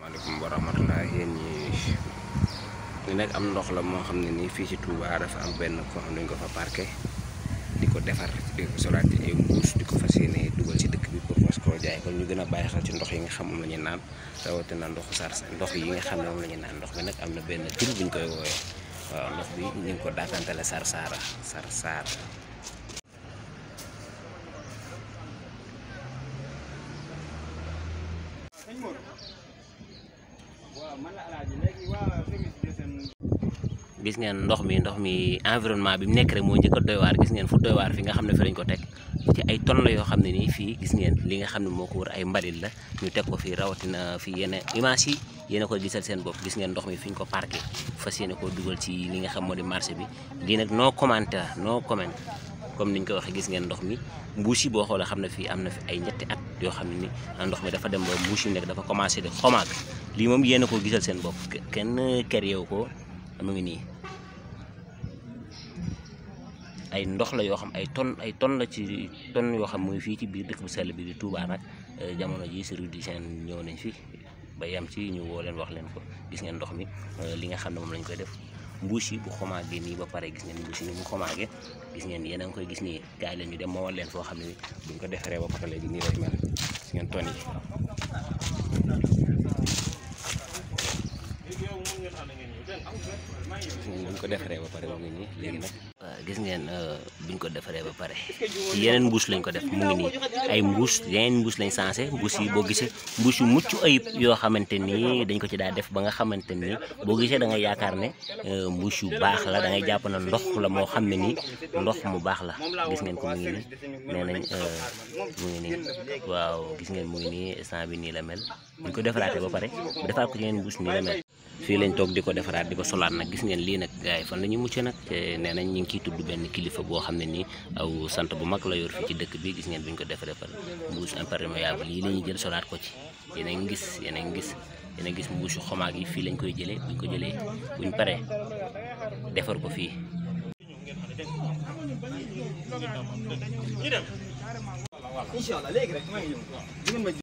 maaleykum wa rahmatulah yéen ñi ñu nekk am ndox la moo xam ne nii fii ci Touba dafa am benn foo xam ne ko fa parqué di ko defar di ko solaat ci ay mbuus di ko fa yéene dugal ci dëkk bi pour mos koo jaay kon ñu gën a bàyyi xel ci ndox yi nga xam la ñu naan rawatina ndoxu sarsa ndox yi nga xam ne moom la naan ndox mi nag am na benn tur buñ koy woowee waaw ndox bi ñu ngi ko daatantale sarsaara sarsaara sëñ Mor waaw gis ngeen ndox mi ndox mi environnement bi mu nekk rek moo njëkk a doy waar gis ngeen fu doy fi nga xam ne fi lañ ko teg ci ay ton la yoo xam ne nii fii gis ngeen li nga xam ne moo ko wër ay mbalit la ñu teg ko fii rawatina fii yenn image yi yéen a ko gisal seen bopp gis ngeen ndox mi fi ñu ko parqué fas yéene koo dugal ci li nga xam moo di marché bi lii nag noo commenté la noo comme ni ñu ko waxee gis ngeen ndox mi mbuus yi boo xoolee xam ne fii am na fi ay ñetti at yoo xam ne ni ndox mi dafa dem mbuus yi nekk dafa commencé di xomaag lii moom yéen ko gisal seen bopp kenn ker yow ko mu ngi nii ay ndox la yoo xam ay ton ay ton la ci ton yoo xam muy fii ci biir dëkk bu sell di Touba nag eh, jamono ji service d'hygiène ñëw nañ fi ba yam ci ñu leen wax leen ko gis ngeen mi eh, li nga xam ne moom lañ koy def mbuus yi bu xomaagee nii ba pare gis ngeen mbuus yi ni mu xomaagee gis ngeen yéen a ngi koy gis nii gars yi ñu dem ma wan leen foo xam ne duñ ko defaree ba pare léegi nii lay mel gis ngeen ton yi gis ngeen ko defaree ba pare ba ngi nii léegi nag gis ngeen euh, buñ ko defaree ba pare ci yeneen mbuus lañ ko def mu ngi nii ay mbuus yeneen mbuus lañ sensé mbuus yi boo gisee mbuus yu mucc ayib yoo xamante ni dañ ko ci daa def ba nga xamante ni boo gisee da ngay yaakaar ne euh, mbuus yu baax la da jàpp na ndox la moo xam ne nii ndox mu baax la gis ngeen ko mu ngi nii nee nañ euh, mu ngi nii waaw gis ngeen mu ngi nii instant bi nii la mel buñ ko defaraatee ba pare defaat ko ci yeneen mbuus nii la mel fii lañ toog di ko defaraat di ko solaat nag gis ngeen lii nag gars yi fan la ñuy nag te nee nañ ñu ngi ciy tudd benn kilifa boo xam ne ni aw sant bu mag la yor fii ci dëkk bi gis ngeen bi ñu ko defaree par mbuus imperméable lii la ñuy jël solaat ko ci yeneen a gis yéen a gis yéen a gis mbuusu xomaag yi fii lañ koy jëlee buñ ko jëlee buñ paree defar ko fii